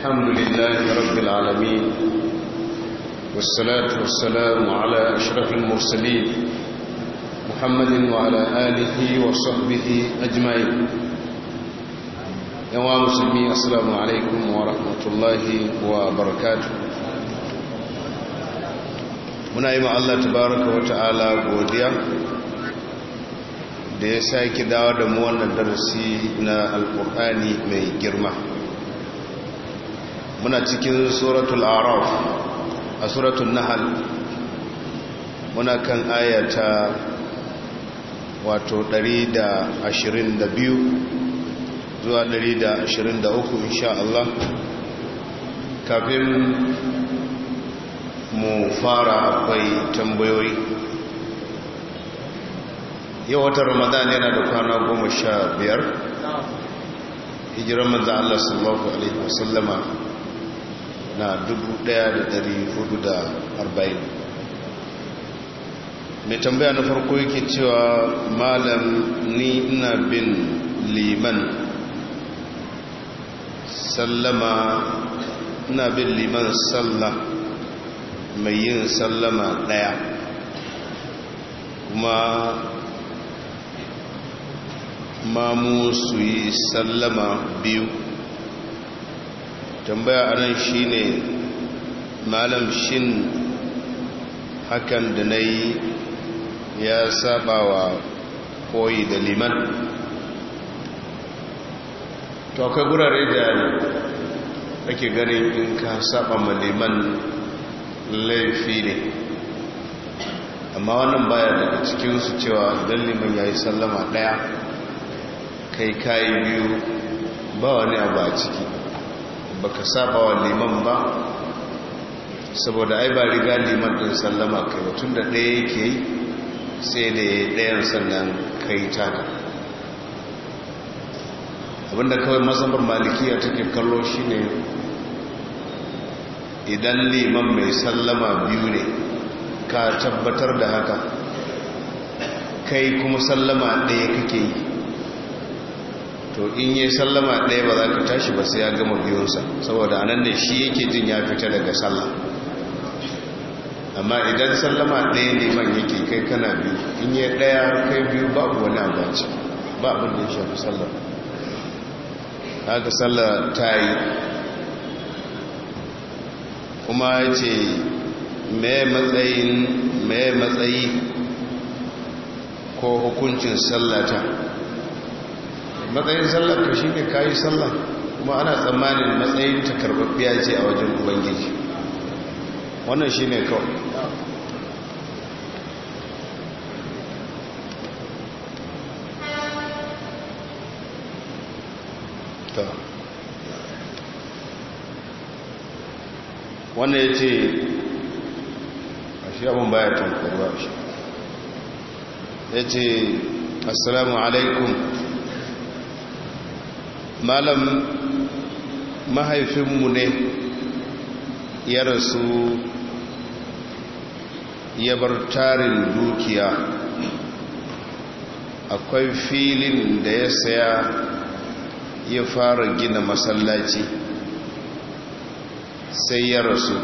الحمد لله رب العالمين والصلاة والسلام على أشرف المرسلين محمد وعلى آله وصحبه أجمعين يا مسلمين السلام عليكم ورحمة الله وبركاته muna yi Allah tabaraka wa ta'ala godiya da ya sake dawo da mu wannan darasi na alkur'ani mai girma muna cikin suratul araf a suratul nahal muna kan ayata wato 122 zuwa 123 insha Allah kafin mu fara akwai tambayoyi yau wata ramadan yana da kwana goma sha biyar hijiran manzan Allah sallallahu Alaihi wasallama na dubu ɗaya da ɗari hudu da arba'in mai tambaya na farko yake cewa malam ni ina bin liman sallama ina bin liman sallah mai yin sallama ɗaya kuma mamu su yi sallama biyu tambaya a nan shi ne malam shin hakan da na yi ya saba wa koyi da liman to ka gurare da ake ganin in ka saba ma liman laifi ne amma wannan baya daga cikinsu cewa don liman ya yi sallama daya kai kayi biyu ba wani abu a ciki baka saba wa liman ba saboda ai ba riga liman din sallama kai ba da ɗaya yake yi sai da ɗayan sannan kai taka abinda kawai mazhabar malikiya take kallo shine idan liman mai sallama biyu ne ka tabbatar da haka kai kuma sallama ɗaya kake yi to in yi sallama ɗaya ba za ka tashi ba sai ya gama biyunsa saboda anan ne shi yake jin ya fita daga sallah amma idan sallama ɗaya ne man yake kai kana biyu in yi ɗaya kai biyu babu wani abaci ba abin da ya shafi haka sallah ta yi kuma ya ce mai matsayi ko hukuncin sallata matsayin sallar ka shi ne kayi sallar kuma ana tsammanin matsayin ta karɓaɓɓiya ce a wajen ubangiji wannan shi ne kawai wannan ya ce a shi abin baya tankarwa shi ya ce assalamu alaikum malam mahaifinmu ne ya rasu ya bar tarin dukiya akwai filin da ya saya ya fara gina masallaci sai ya rasu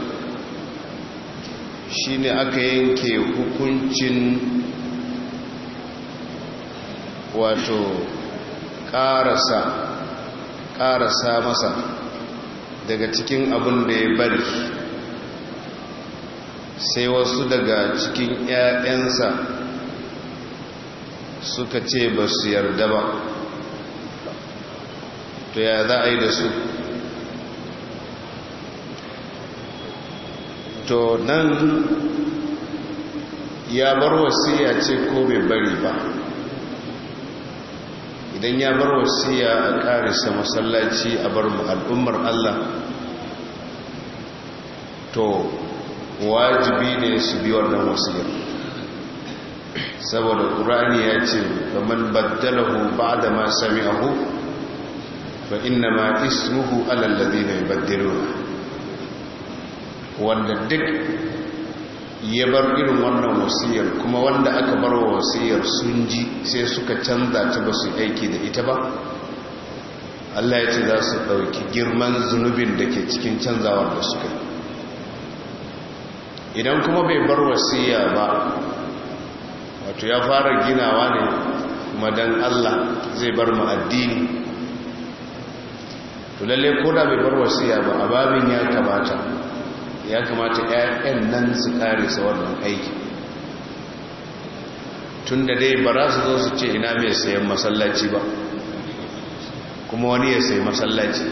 shi ne aka yanke hukuncin wato ƙarasa ƙarasa masa daga cikin abin da ya bari sai wasu daga cikin 'ya'yansa suka ce ba su yarda ba to ya za a yi da su to nan ya bar ya ce ko bai bari ba idan ya bar wasiya a karisa masallaci a bar al'ummar Allah to wajibi ne su bi wannan wasiyar saboda ƙurani ya ce faman baddalahu ba'da ma sami'ahu fa inna ma ismuhu alal ladina wanda duk ya bar irin wannan wasiyar kuma wanda aka bar wasiyar sun ji sai suka canza ta ba su aiki da ita ba Allah ya ce za su ɗauki girman zunubin da ke cikin canzawar da suka idan kuma bai bar wasiya ba wato ya fara ginawa ne kuma don Allah zai bar mu addini to lalle ko da bai bar wasiya ba a babin ya kamata ya kamata 'ya'yan nan su kare sa wannan aiki tun da dai ba za su zo su ce ina mai sayan masallaci ba kuma wani ya sayi masallaci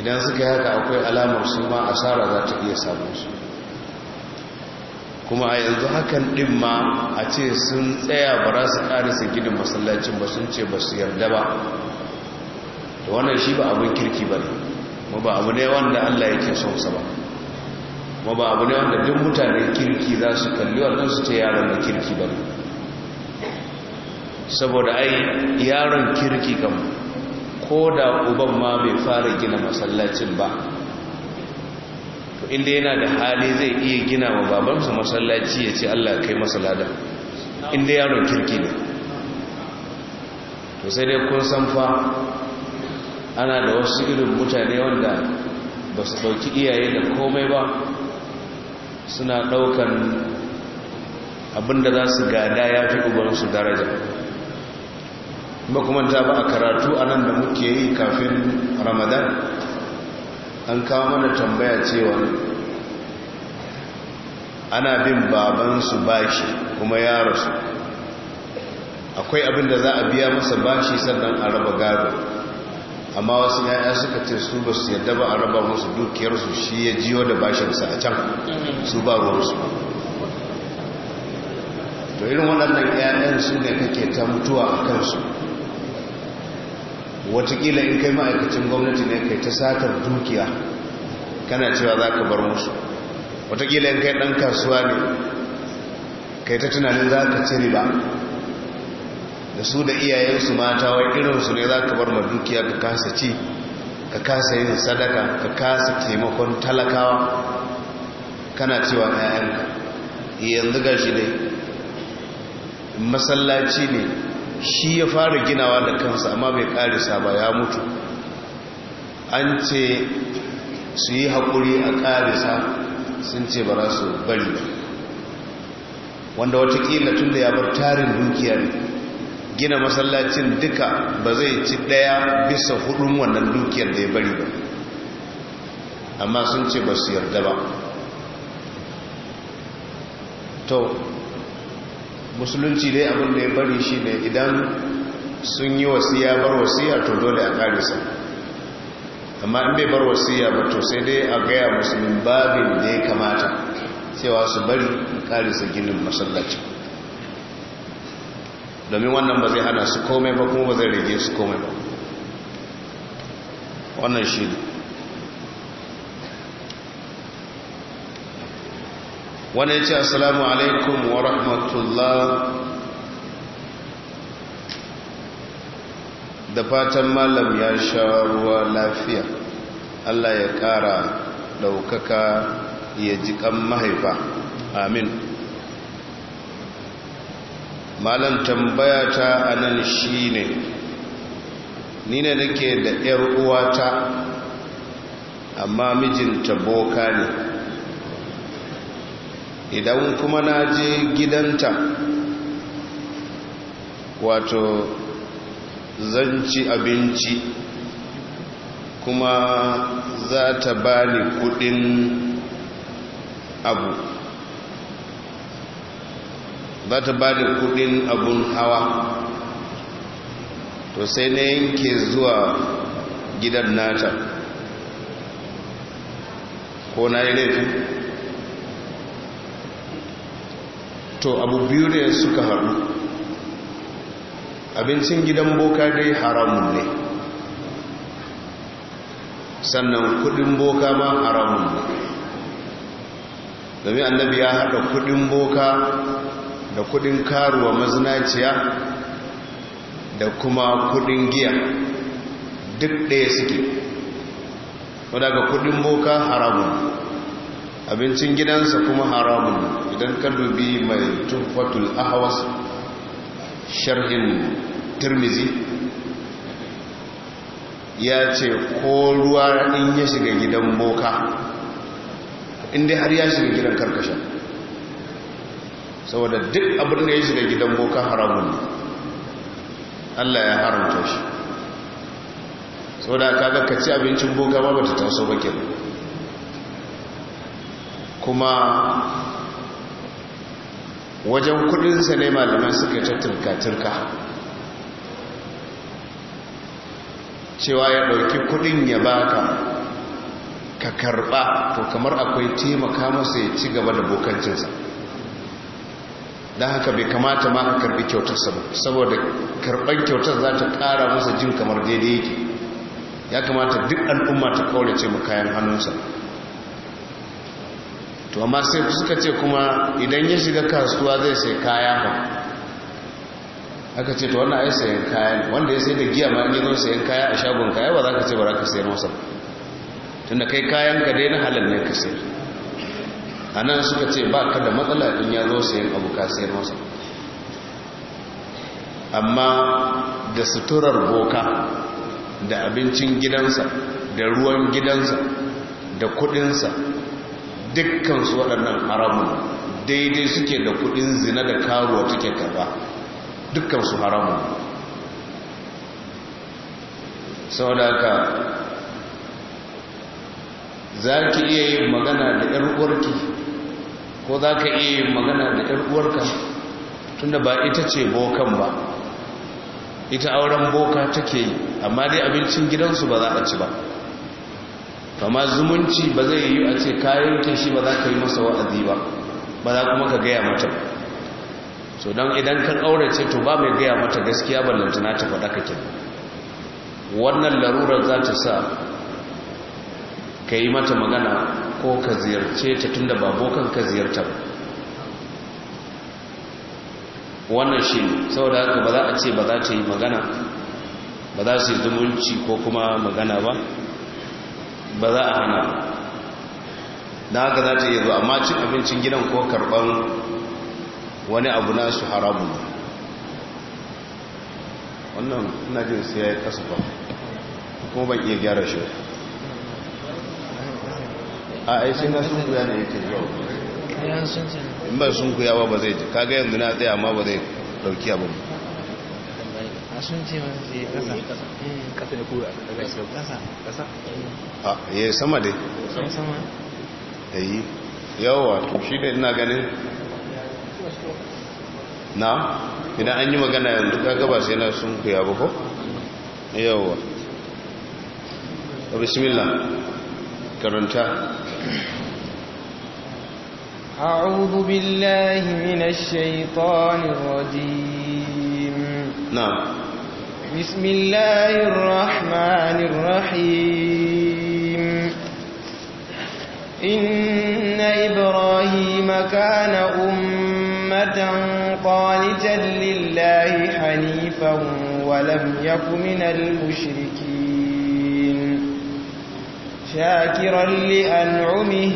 idan suka yi haka akwai alamar su ma asara za ta iya samun su kuma a yanzu hakan ɗin ma a ce sun tsaya ba za su su gidan masallacin ba sun ce ba su yarda ba da wannan shi ba abin kirki ba ne ba abu ne wanda allah yake son sa ba kuma ba abu ne wanda duk mutanen kirki za su kalli wannan su ce yaron da kirki ba saboda ai yaron kirki kam ko da uban ma bai fara gina masallacin ba to inda yana da hali zai iya gina wa babansa masallaci ya ce allah kai masalada inda yaron kirki ne to sai dai kun san fa ana da wasu irin mutane wanda ba su dauki iyaye da komai ba suna ɗaukan abinda za su gada ya fi ubansu daraja makamanta ba a karatu a nan da muke yi kafin ramadan an kawo mana tambaya cewa ana bin babansu bashi kuma ya rasu akwai abinda za a biya masa bashi sannan a raba gado amma wasu ya'ya suka ce su ba su yadda ba a raba musu dukiyarsu shi ya jiyo da bashinsa a can su ba ruwansu to irin waɗannan ya'yan su ne kake ta mutuwa a kansu watakila in kai ma'aikacin gwamnati ne kai ta satar dukiya kana cewa za ka bar musu watakila in kai ɗan kasuwa ne kai ta tunanin za ka ci ba. da su da iyayensu mata wa irinsu ne za ka bar ma ka kasa ci ka kasa yin sadaka ka kasa taimakon talakawa kana cewa ‘ya'yanka eh, yanzu ga shi ne masallaci ne shi ya fara ginawa da kansa amma bai karisa ba ya mutu an ce su yi haƙuri a karisa sun ce ba su bari wanda watakila tun da ya bar tarin dukiya ne gina masallacin duka ba zai ci daya bisa hudun wannan dukiyar da ya bari ba amma sun ce ba su yarda ba to musulunci dai abin da ya bari shi ne idan sun yi wasiya bar wasiya to dole a karisa amma in bai bar wasiya ba to sai dai a gaya musulun babin da ya kamata cewa su bari karisa ginin masallacin domin wannan ba zai hana su komai ba kuma ba zai rage su komai ba wannan shi ne ya ce assalamu alaikum wa rahmatullah da fatan malam ya sha ruwa lafiya allah ya kara daukaka ya ji kan mahaifa amin malam tambaya ta anan ne, ni ne nake da yar uwata amma mijinta boka ne idan kuma na je gidanta wato zanci abinci kuma za ta bani kudin abu bata bada kudin abun hawa to sai na yanke zuwa gidan nata ko na yi laifin to abu biyu ne suka haɗu abincin gidan boka dai haramun ne sannan kudin boka ma haramun ne domin annabi ya haɗa kudin boka da kudin karuwa mazinaciya da kuma kudin giya duk ɗaya suke wadda ga kudin boka haramun abincin gidansa kuma haramun idan ka dubi mai tufatul ahawas sharhin turmizi ya ce ko ruwa in ya shiga gidan boka inda har ya shiga gidan karkashin saboda duk abin da ya shiga gidan boka haramun ne Allah ya haramta shi saboda kaga ka ci abincin boka ba bata taso ba kuma wajen kudinsa ne malaman suka ta turka-turka cewa ya ɗauki kudin ya baka ka karɓa to kamar akwai taimaka masa ya ci gaba da bokancinsa da haka bai kamata ma ka karbi kyautar saboda karban kyautar za ta kara masa jin kamar daidai yake ya kamata duk al'umma ta kaurace mu kayan hannunsa to amma sai suka ce kuma idan ya shiga kasuwa zai sai kaya ba aka ce to wannan ai sayan kaya wanda ya sai da giya ma ne zai sayan kaya a shagon kaya ba za ka ce ba za ka sayar masa tunda kai kayan ka dai na halal ne ka sayar a nan suka ce ba ka da matsala in ya zo sayan abu ka sayar masa amma da suturar boka da abincin gidansa da ruwan gidansa da kudinsa dukkansu waɗannan haramun daidai suke da kudin zina da karuwa take karba dukkansu haramun sau da ka, za ki iya yin magana da 'yar uwarki ko za ka iya yin magana da ‘yar uwarka tunda ba ita ce bokan ba ita auren boka take yi amma dai abincin gidansu ba za a ci ba kama zumunci ba zai yi a ce kayan shi ba za ka yi masa wa'azi ba ba za kuma ka gaya mata so don idan kan ce to ba mai gaya mata gaskiya ballantana ta faɗa ka kake wannan larurar za ta sa ka yi mata magana ko ka ziyarce ta tunda da babokan ka ziyarta ba wannan shi ne saboda haka ba za a ce ba za ta yi magana ba za su yi zumunci ko kuma magana ba ba za a hana da haka za ta iya zuwa amma cin abincin gidan ko karban wani abu nasu haramu wannan ina jin sai ya yi kasa ba kuma ban iya gyara shi a aishi na sun kuya ne yake zuwa in ba sun kuya ba ba zai ji kaga yanzu na tsaye amma ba zai dauki abin a sun ce man zai kasa kasa da kura kasa kasa a ya sama dai sama ya yi yawa to shi da ina ganin na idan an yi magana yanzu kaga ba sai na sun kuya ba ko yawa bismillah karanta أعوذ بالله من الشيطان الرجيم نعم بسم الله الرحمن الرحيم إن إبراهيم كان أمة قانتا لله حنيفا ولم يك من المشركين شاكرا لأنعمه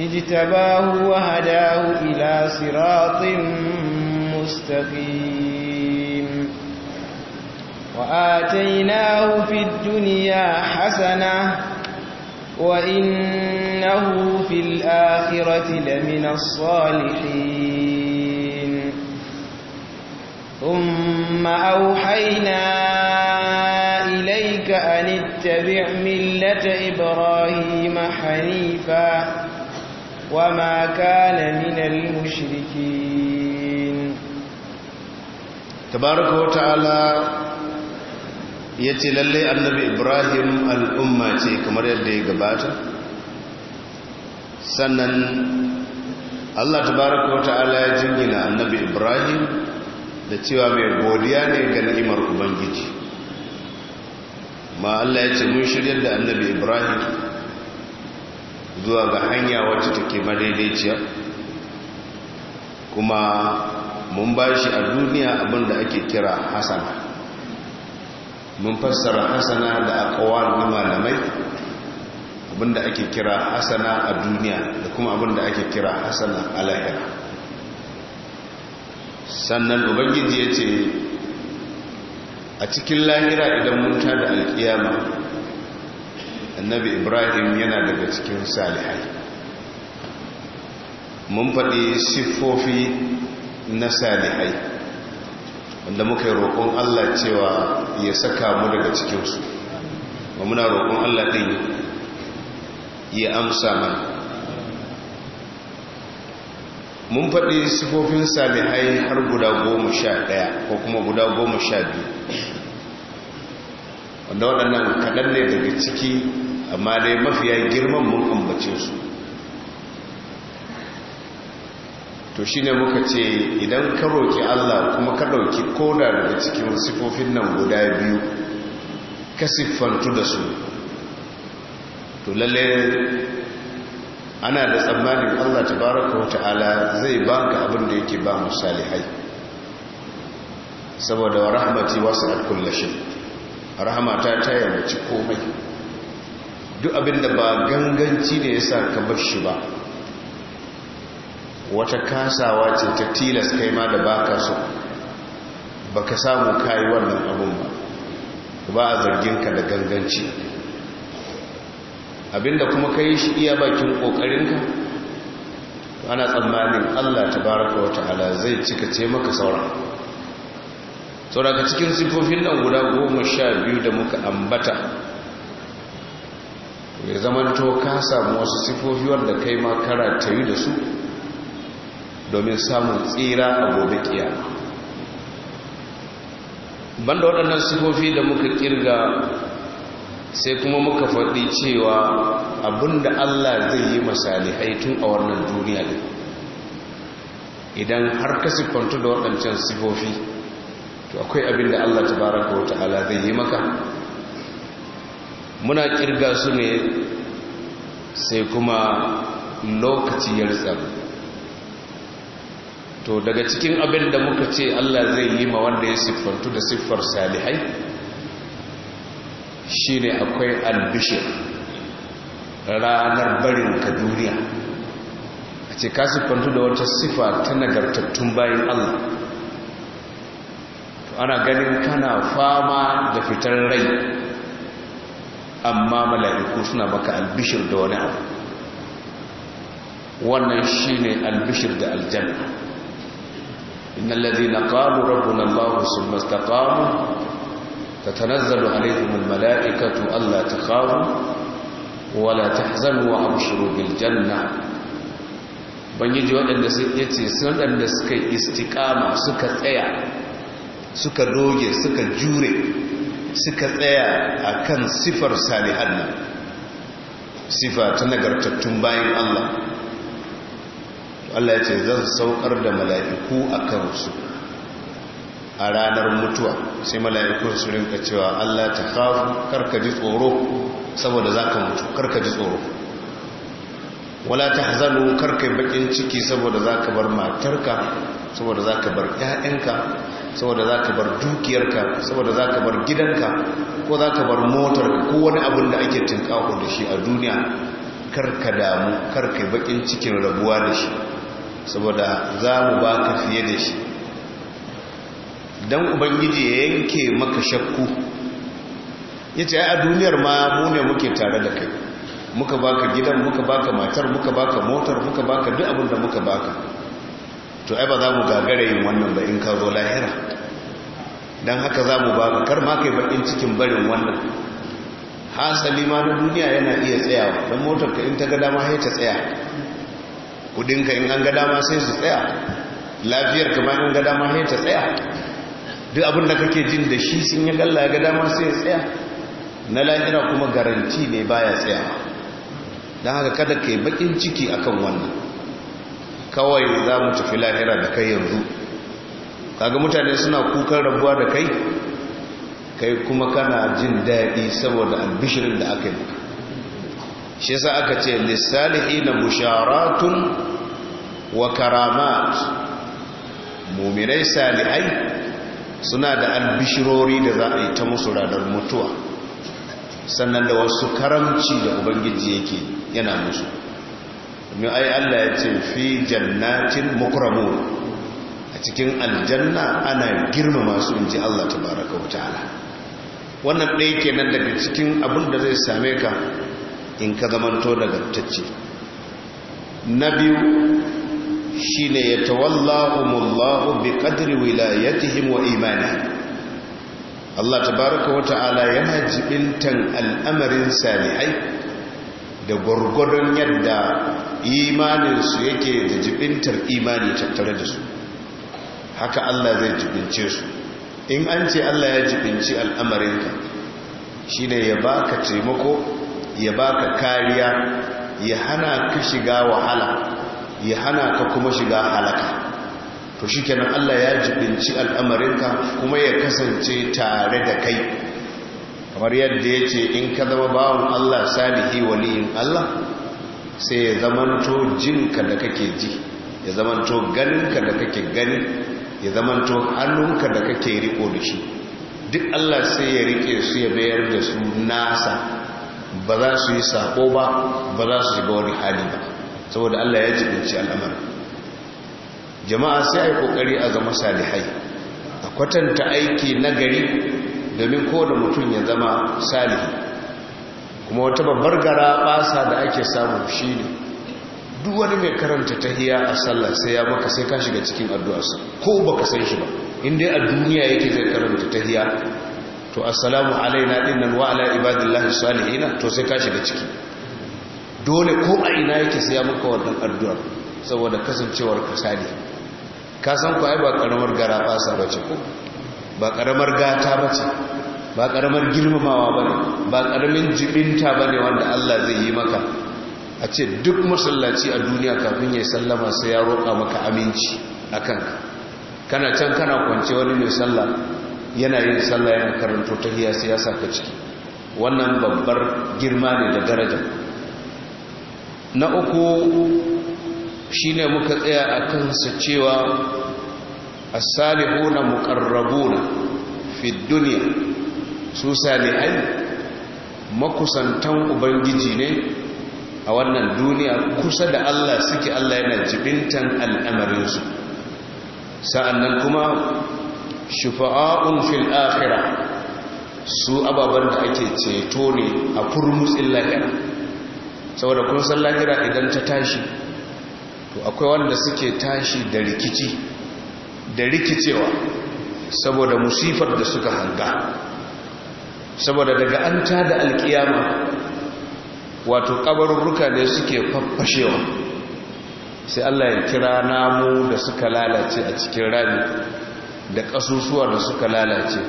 اجتباه وهداه إلى صراط مستقيم وآتيناه في الدنيا حسنة وإنه في الآخرة لمن الصالحين ثم أوحينا أن اتبع ملة إبراهيم حنيفا وما كان من المشركين تبارك وتعالى yace lallai annabi Ibrahim al'umma ce kamar yadda ya gabata sannan Allah tabaraka wa ta'ala ya jingina annabi Ibrahim da cewa mai godiya ne ga ni'imar Ubangiji ma Allah ya ce mun shirya da annabi ibrahim zuwa ga hanya wacce take madaidaiciya kuma mun ba shi a duniya da ake kira hasana mun fassara hasana da akawar na malamai da ake kira hasana a duniya da kuma da ake kira hasana a lahira sannan ubangiji ya ce a cikin lahira idan mun tada alkiyama annabi ibrahim yana daga cikin salihai mun faɗi siffofi na salihai wanda muka yi roƙon allah cewa ya saka mu daga cikinsu ba muna roƙon allah ɗin ya amsa mana mun faɗi sifofin salihai har guda goma sha ɗaya ko kuma guda goma sha biyu wanda waɗannan kaɗan ne daga ciki amma dai mafiya girman mun ambace su to shi ne muka ce idan ka roƙi allah kuma ka ɗauki koda daga cikin sifofin nan guda biyu ka siffantu da su to lalle ana da tsammanin allah tabaraka wa ta'ala zai baka abin da yake ba salihai saboda rahmati wasu alkullashin rahama ta ci komai duk abinda ba ganganci ne yasa ka bar shi ba wata kasawa ce ta tilas kai ma da baka so baka samu kayi wannan abun ba ba a zargin ka da ganganci abinda kuma ka yi shi iya bakin kokarin ka ana tsammanin Allah tabaraka wa ta'ala zai cika ce maka sauran sauraka cikin sifofin nan guda goma sha biyu da muka ambata ya zaman to ka samu wasu sifofi wanda kai ma karata yi da su domin samun tsira a gobe kiyama banda waɗannan sifofi da muka kirga sai kuma muka faɗi cewa abinda Allah zai yi masalihai tun a wannan duniya ne idan har ka siffantu da waɗancan sifofi to akwai abin da Allah tabaraka wa ta'ala zai yi maka muna kirga su ne sai kuma lokaci ya to daga cikin abin da muka ce Allah zai yi ma wanda ya siffantu da siffar salihai shine akwai albishir ranar barin ka duniya a ce ka siffantu da wata siffa ta nagartattun bayan Allah ana ganin kana fama da fitar rai amma mala'iku suna maka albishir da wani abu wannan shi ne albishir da aljanna inna na ƙalu rabbuna allahu sun mastaƙamu ta tanazzalu alaikumul mala'ikatu allah ta ƙaru wala ta zanuwa amshiru biljanna ban yi ji waɗanda suka yi istiƙama suka tsaya suka doge suka jure suka tsaya a kan sifar salihan nan sifa ta nagartattun bayan Allah Allah ya ce zan saukar da mala'iku a kansu a ranar mutuwa sai mala'ikun su rinka cewa Allah ta kafu karka ji tsoro saboda za ka mutu karka ji tsoro wala ta hazanu karka bakin ciki saboda za ka bar matarka saboda za ka bar ‘ya'yanka saboda za ka bar dukiyarka saboda za ka bar gidanka ko za ka bar motar ko wani abin da ake tinkaho da shi a duniya karka damu karka bakin cikin rabuwa da shi saboda za mu ba ka fiye da shi don ubangiji ya yanke maka shakku ya ce a duniyar ma mu ne muke tare da kai muka baka gidan muka baka matar muka baka motar muka baka duk abin da muka baka to ai ba za mu gagara yin wannan ba in ka zo lahira don haka za mu ba kar ma kai bakin cikin barin wannan hasali ma na duniya yana iya tsayawa don motar ka in ta ga dama ta tsaya ka in an ga dama sai su tsaya lafiyar ka ma in ga dama ta tsaya duk abin da kake jin da shi sun yi galla ga dama sai ya tsaya na lahira kuma garanti ne baya tsaya don haka kada kai baƙin bakin ciki akan wannan kawai za mu tafi lahira da kai yanzu kaga mutane suna kukan rabuwa da kai kai kuma kana jin daɗi saboda albishirin da aka yi shi sa aka ce lissalihi na busharatun wa karamat mumirai salihai suna da albishirori da za a yi ta musu ranar mutuwa sannan da wasu karamci da ubangiji yake yana musu domin ai Allah ya ce fi jannatin mukramun a cikin aljanna ana girmama masu inji Allah baraka wa ta'ala wannan ɗaya kenan daga cikin abin da zai same ka in ka zamanto daga tacce na biyu ne ya mullahu bi qadri wilayatihim wa imani Allah tabaraka wa ta'ala yana jibintan al'amarin sami'ai da gwargwadon yadda imaninsu yake da jibintar imani tattare da su haka Allah zai jibince su in an ce Allah ya jibinci al'amarinka shi ne ya baka taimako ya baka kariya ya hana ka shiga wahala ya hana ka kuma shiga halaka to shi kenan Allah ya jibinci al'amarinka kuma ya kasance tare da kai kamar yadda ya ce in ka zama bawon Allah salihi waliyin Allah sai ya zamanto jinka da kake ji ya zamanto ganinka da kake gani ya zamanto hannunka da kake riko da shi duk Allah sai ya rike su ya bayar da su nasa ba za su yi sako ba ba za su shiga wani hali ba saboda Allah ya binci al'amari. jama'a sai a yi kokari a zama salihai a kwatanta aiki na gari domin kowane mutum ya zama salihi kuma wata babbar gara basa da ake samu shi ne duk wani mai karanta tahiya a sallah sai ya maka sai ka shiga cikin addu'arsa ko baka san shi ba inda a duniya yake zai karanta tahiya to assalamu alaina dinnan wa ala ibadillahi salihina to sai ka shiga ciki dole ko a ina yake sai ya maka wannan addu'ar saboda kasancewar ka salihi ka san ku ai ba karamar gara basa bace ko ba karamar gata bace ba karamar girmamawa ba ne ba karamin jibinta ba ne wanda Allah zai yi maka a ce duk masallaci a duniya kafin ya sallama sai ya roƙa maka aminci a kanka kana can kana kwance wani mai sallah yana yin sallah yana karanto ta hiya sai ya ciki wannan babbar girma ne da daraja na uku shi ne muka tsaya a kansa cewa na muƙarrabu na, fi duniya su salihai makusantan ubangiji ne a wannan duniya kusa da Allah suke Allah yana jibintan al'amarinsu sa'annan kuma shufa'un fil akhira su ababen da ake ceto ne a kurmutsin lahira saboda kun san lahira idan ta tashi to akwai wanda suke tashi da rikici da rikicewa saboda musifar da suka hanga saboda daga an da alkiyama wato kabarurruka ne suke faffashewa sai Allah ya kira namu da suka lalace a cikin rami da ƙasusuwa da suka lalace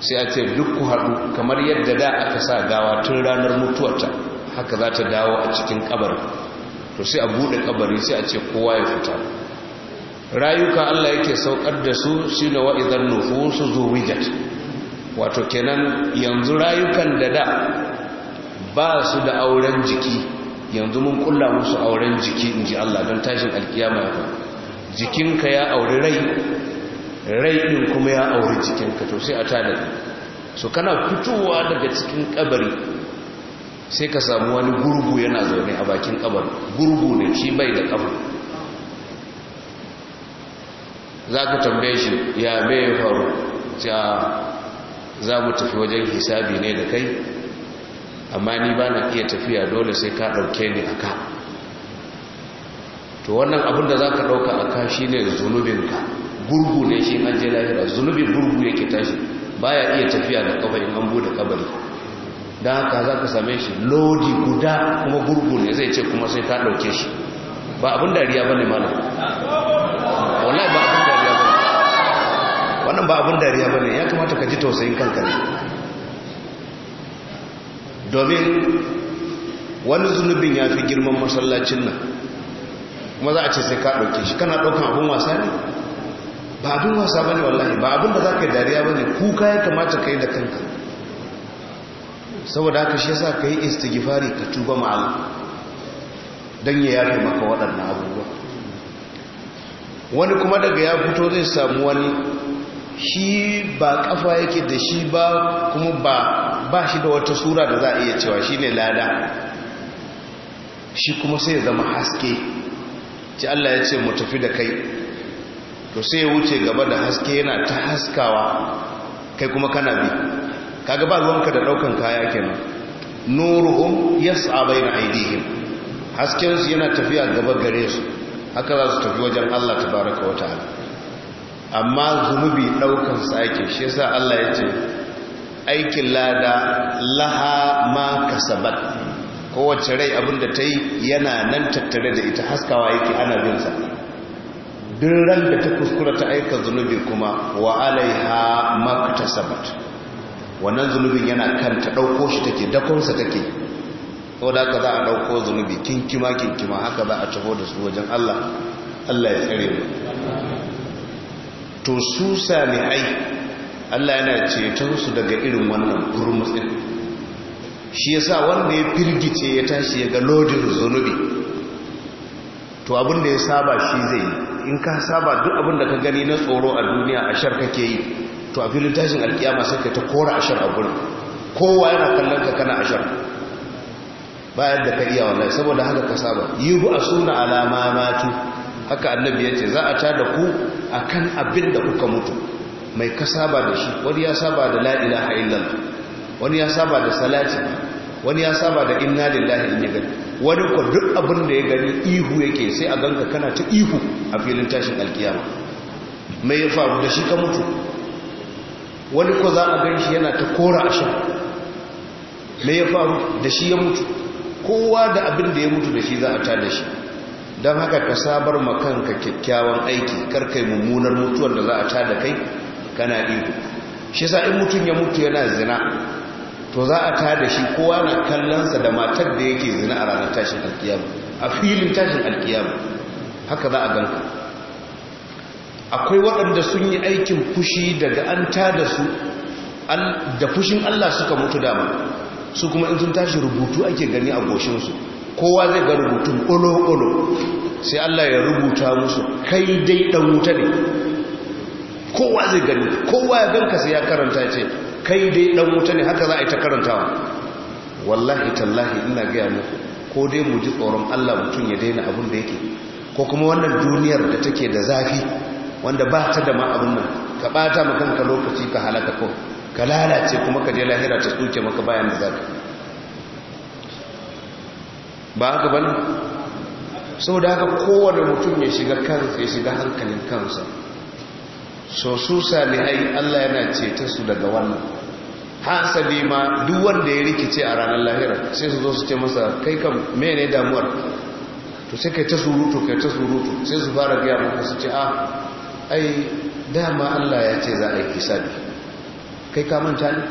sai a ce duk ku haɗu kamar yadda da aka sa gawa tun ranar mutuwarta haka za ta dawo a cikin kabari to sai a buɗe kabari sai a ce kowa ya fita rayuka Allah yake saukar da su shi na wa'izar nufu su zuwijat wato kenan yanzu rayukan da da ba su da auren jiki yanzu mun kulla musu auren jiki in ji Allah don tashin alkiyama ya jikinka ya auri rai rai ɗin kuma ya auri jikinka to sai a tanadi so kana fitowa daga cikin kabari sai ka samu wani gurgu yana zaune a bakin kabari gurgu ne shi bai da kafa za ka tambaye shi ya mai faru ta za mu tafi wajen hisabi ne da kai amma ni ba na iya tafiya dole sai ka ɗauke ni a ka to wannan abun da za ka ɗauka a ka shi ne zunubinka gurgu ne shi an je lahira zunubin gurgu yake tashi baya iya tafiya da in an bude kabari da haka za ka same shi lodi guda kuma gurgu ne zai ce kuma sai ka ɗauke shi ba abin dariya ba ne mana wallahi ba abin wannan ba abin dariya ba ne ya kamata ka ji tausayin kanka ne domin wani zunubin ya fi girman masallacin nan kuma za a ce sai ka ɗauke shi kana ɗaukan abin wasa ne ba abin wasa ba ne wallahi ba abin da za ka yi dariya ba ne kuka ya kamata ka yi da kanka saboda haka shi yasa ka yi istigifari ka tuba ma'ala don ya yafe maka waɗannan abubuwa wani kuma daga ya fito zai samu wani shi ba kafa yake da shi ba kuma ba ba shi da wata sura da za a iya cewa shi ne lada shi kuma sai ya zama haske ci Allah ya ce mu tafi da kai to sai ya wuce gaba da haske yana ta haskawa kai kuma kana bi kaga ba ruwanka da daukan kaya kenan nuruhum yas'a bayna aydihim haskensu yana tafiya gaba gare su haka za su tafi wajen Allah tabaraka wa ta'ala amma zunubi daukan sake shi yasa Allah ya ce aikin lada laha ma kasabat kowace rai abinda ta yi yana nan tattare da ita haskawa yake ana sa duk ran da ta kuskura ta aika zunubi kuma wa alaiha ma kasabat wannan zunubin yana kanta dauko shi take sa take ko da ka za a dauko zunubi kinkima kinkima haka za a taho da su wajen Allah Allah ya tsare mu to su aiki. Allah yana ceton su daga irin wannan hurmutsin shi yasa wanda ya firgice ya tashi ya ga lodin zunubi to abin ya saba shi zai yi in ka saba duk abinda ka gani na tsoro a duniya a shar kake yi to a filin tashin alkiyama sai ka ta kora a shar a kowa yana kallon ka kana a shar bayan da ka iya wannan saboda haka ka saba yi bu a suna alama matu haka annabi ya ce za a da ku akan abin da kuka mutu mai ka saba da shi wani ya saba da la ilaha illallah wani ya saba da salati wani ya saba da inna lillahi ne gani wani ku duk abin da ya gani ihu yake sai a ganka kana ta ihu a filin tashin alkiyama mai ya faru da shi ka mutu wani ku za a gan shi yana ta kora a shan mai ya faru da shi ya mutu kowa da abin da ya mutu da shi za a ta da shi don haka ka sabar makanka kyakkyawan aiki karkai mummunar mutuwar da za a da kai kana ihu shi sa in mutum ya mutu yana zina to za a ta da shi kowa na kallonsa da matar da yake zina a ranar tashin alkiyama a filin tashin alkiyama haka za a ganka akwai waɗanda sun yi aikin fushi daga an ta da su da fushin allah suka mutu dama su kuma in sun tashi rubutu ake gani a goshinsu kowa zai ga rubutun ƙolo-ƙolo sai Allah ya rubuta musu kai dai ɗan wuta ne kowa zai gani kowa ya ganka sai ya karanta ce kai dai ɗan wuta ne haka za a yi ta karantawa wallahi tallahi ina gaya muku ko dai mu ji tsoron Allah mutum ya daina abin da yake ko kuma wannan duniyar da take da zafi wanda ba ta da ma abin nan ka ɓata ma kanka lokaci ka halaka ko ka lalace kuma ka je lahira ta tsuke maka bayan da zafi ba haka sau saboda haka kowane mutum ya shiga kansa ya shiga hankalin kansa so su Allah yana ceta su daga wannan hasabi ma duk wanda ya rikice a ranar lahira sai su zo su ce masa kai kam mene damuwar to sai kai ta surutu kai ta surutu sai su fara gaya maka su ce a ah, ai dama Allah ya ce za a yi kisabi kai ka manta ne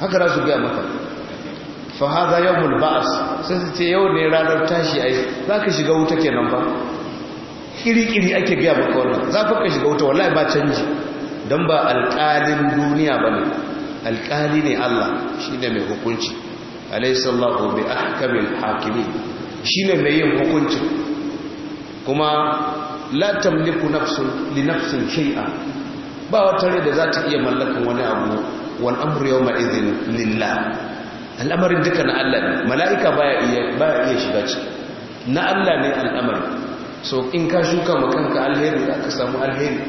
haka za su gaya maka fahaza hadha yawmul sai su ce yau ne ranar tashi ai zaka shiga wuta ke nan ba kiri-kiri ake gaya maka wannan za ka shiga wuta wallahi ba canji don ba alƙalin duniya ba ne alƙali ne Allah shi ne mai hukunci alaisallahu bi ahkamil hakimi shi ne mai yin hukunci kuma la nafsun nafsin ba wata rai da za ta iya mallakan wani abu wani amuriyar ma'izin idhin lillah al'amarin duka na Allah ne mala'ika ba ya iya shiga ci na Allah ne al'amari so in ka shuka makanka alheri za ka samu alheri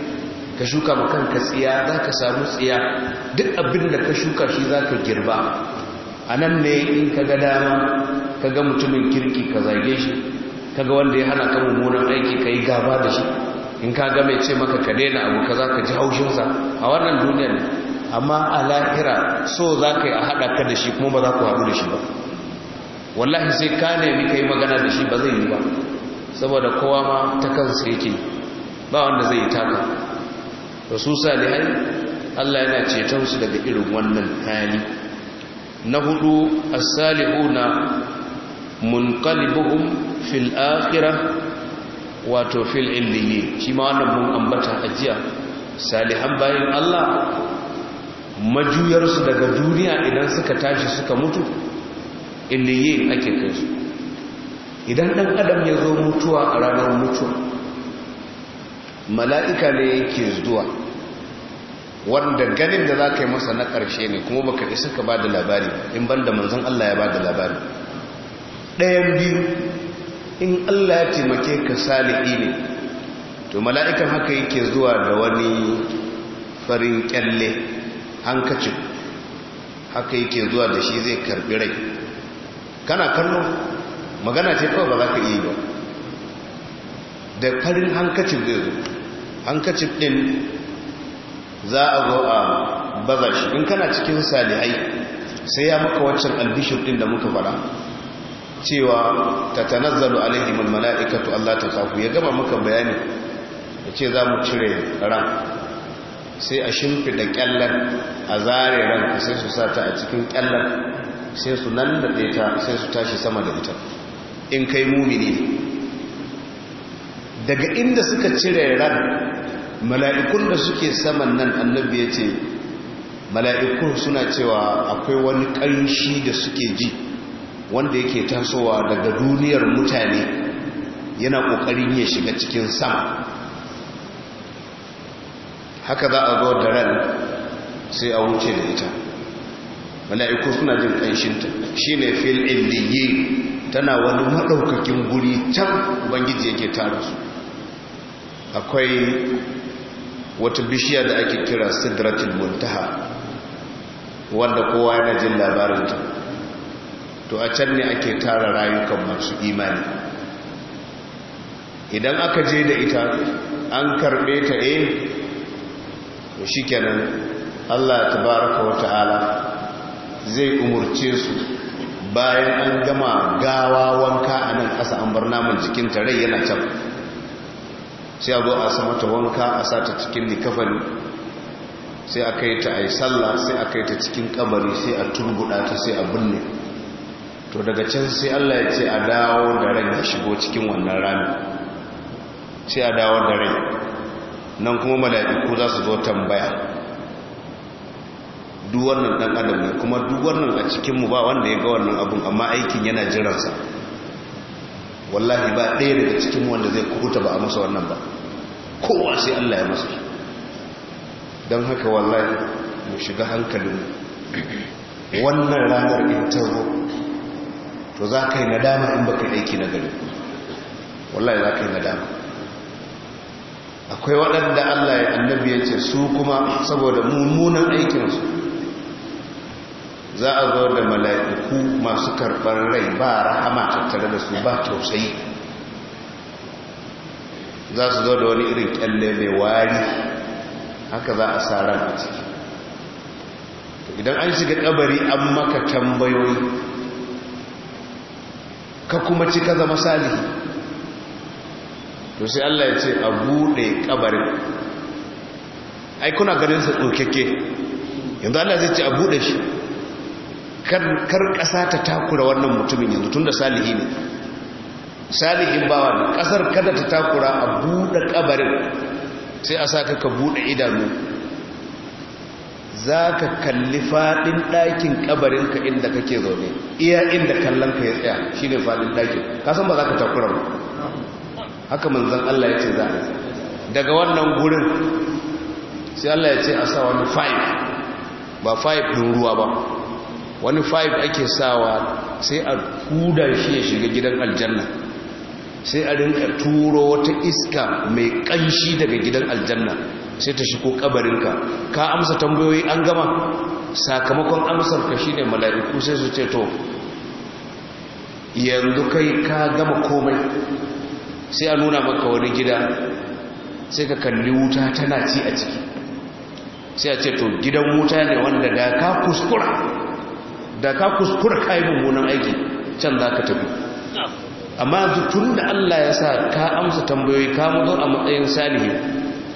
ka shuka makanka kanka tsiya za ka samu tsiya duk abin da ka shuka shi za ka girba a nan ne in ka ga dama ka ga mutumin kirki ka zage shi ka ga wanda ya hana ka mummunan aiki ka yi gaba da shi in ka ga mai ce maka ka daina abu ka za ka ji haushinsa a wannan duniyar amma a lahira so za ka yi a haɗa ka da shi kuma ba za ku haɗu da shi ba wallahi sai ka nemi ka yi magana da shi ba zai yi ba saboda kowa ma ta kansa yake ba wanda zai yi taka da su salihai allah yana ceton su daga irin wannan hali na hudu a salihu na fil fil'akira wato fil illiyin shi ma wannan mun ambata ajiya salihan bayan Allah majuyarsu daga duniya idan suka tashi suka mutu iliyin ake kai su idan ɗan adam ya zo mutuwa a ranar mutuwa mala'ika ne yake zuwa wanda ganin da za ka yi masa na ƙarshe ne kuma baka isa ka ba da labari in ban da manzan Allah ya ba da labari ɗayan biyu in Allah ya taimake ka sali'i ne to mala'ikan haka yake zuwa da wani farin ƙyalle. hankacin haka yake zuwa da shi zai karbi rai kana kallo magana ce kawai ba za ka iya ba da farin hankacin zai zo hankacin din za a zo a baza shi in kana cikin salihai sai ya maka waccan albishir ɗin da muka fara cewa ta tanazzalu alaihimul mala'ikatu Allah ta kafu ya gama muka bayani ya ce za mu cire ran sai a shimfiɗa kyallar a zare ranka sai su sata a cikin ƙyallar sai su nan da ɗeta sai su tashi sama da ita in kai mumini daga inda suka cire ran mala'ikun da suke saman nan annabi ya ce mala'ikun suna cewa akwai wani ƙanshi da suke ji wanda yake tasowa daga duniyar mutane yana ƙoƙarin ya shiga cikin sama haka za a zo da ran sai a wuce da ita mala'iku suna jin ƙanshinta shi ne fil indiyi tana wani maɗaukakin guri can ubangiji yake tara su akwai wata bishiya da ake kira sidratul muntaha wanda kowa yana jin labarinta to a can ne ake tara rayukan masu imani idan aka je da ita an karɓe ta eh to shi kenan Allah tabaraka wa ta'ala zai umurce su bayan an gama gawa wanka a nan ƙasa an bar naman jikin rai yana can sai a zo a samata mata wanka a sata cikin likafani sai a kai ta a yi sallah sai a kai ta cikin kabari sai a turbuda ta sai a binne to daga can sai Allah ya ce a dawo da rai ya shigo cikin wannan rami sai a dawo da rai nan kuma mala'iku za su zo tambaya duwannan ɗan adam ne kuma duwannan a cikinmu ba wanda ya ga wannan abun amma aikin yana jiransa wallahi ba ɗaya daga cikinmu wanda zai kuta ba a masa wannan ba kowa sai Allah ya masa don haka wallahi mu shiga hankalinmu wannan ranar in ta zo to za ka yi nadama in ba ka yi aiki na gari wallahi za ka yi nadama akwai waɗanda Allah ya annabi ya ce su kuma saboda mummunan aikinsu za a zo da mala'iku masu karɓar rai ba rahama tattare da su ba tausayi za su zo da wani irin kyalle mai wari haka za a sa ran a ciki idan an shiga ɗabari an maka tambayoyi ka kuma ci ka zama salihi to sai Allah ya ce a buɗe kabarin ai kuna ganin sa tsokekke yanzu Allah zai ce a buɗe shi kar kasa ta takura wannan mutumin yanzu tunda salihi ne salihin bawa ne ƙasar kada ta takura a buɗe kabarin sai a sa ka ka buɗe idanu za ka kalli faɗin ɗakin ƙabarinka inda kake zaune iya inda kallon ka ya tsaya shi ne faɗin ɗakin kasan ba za ka takura ba haka manzan Allah ya ce za a daga wannan gurin sai Allah ya ce a sa wani five ba five ɗin ruwa ba wani five ake sawa sai a kuda shi ya shiga gidan aljanna sai a rinka turo wata iska mai ƙanshi daga gidan aljanna sai ta shigo ƙabarinka ka amsa tambayoyi an gama sakamakon amsar ka shine mala'iku sai su ce to yanzu kai ka gama komai sai a nuna maka wani gida sai ka kalli wuta tana ci a ciki sai a ce to gidan wuta ne wanda da ka kuskura da ka kuskura kayi mummunan aiki can za ka tafi amma tun da Allah ya sa ka amsa tambayoyi ka zo a matsayin salihi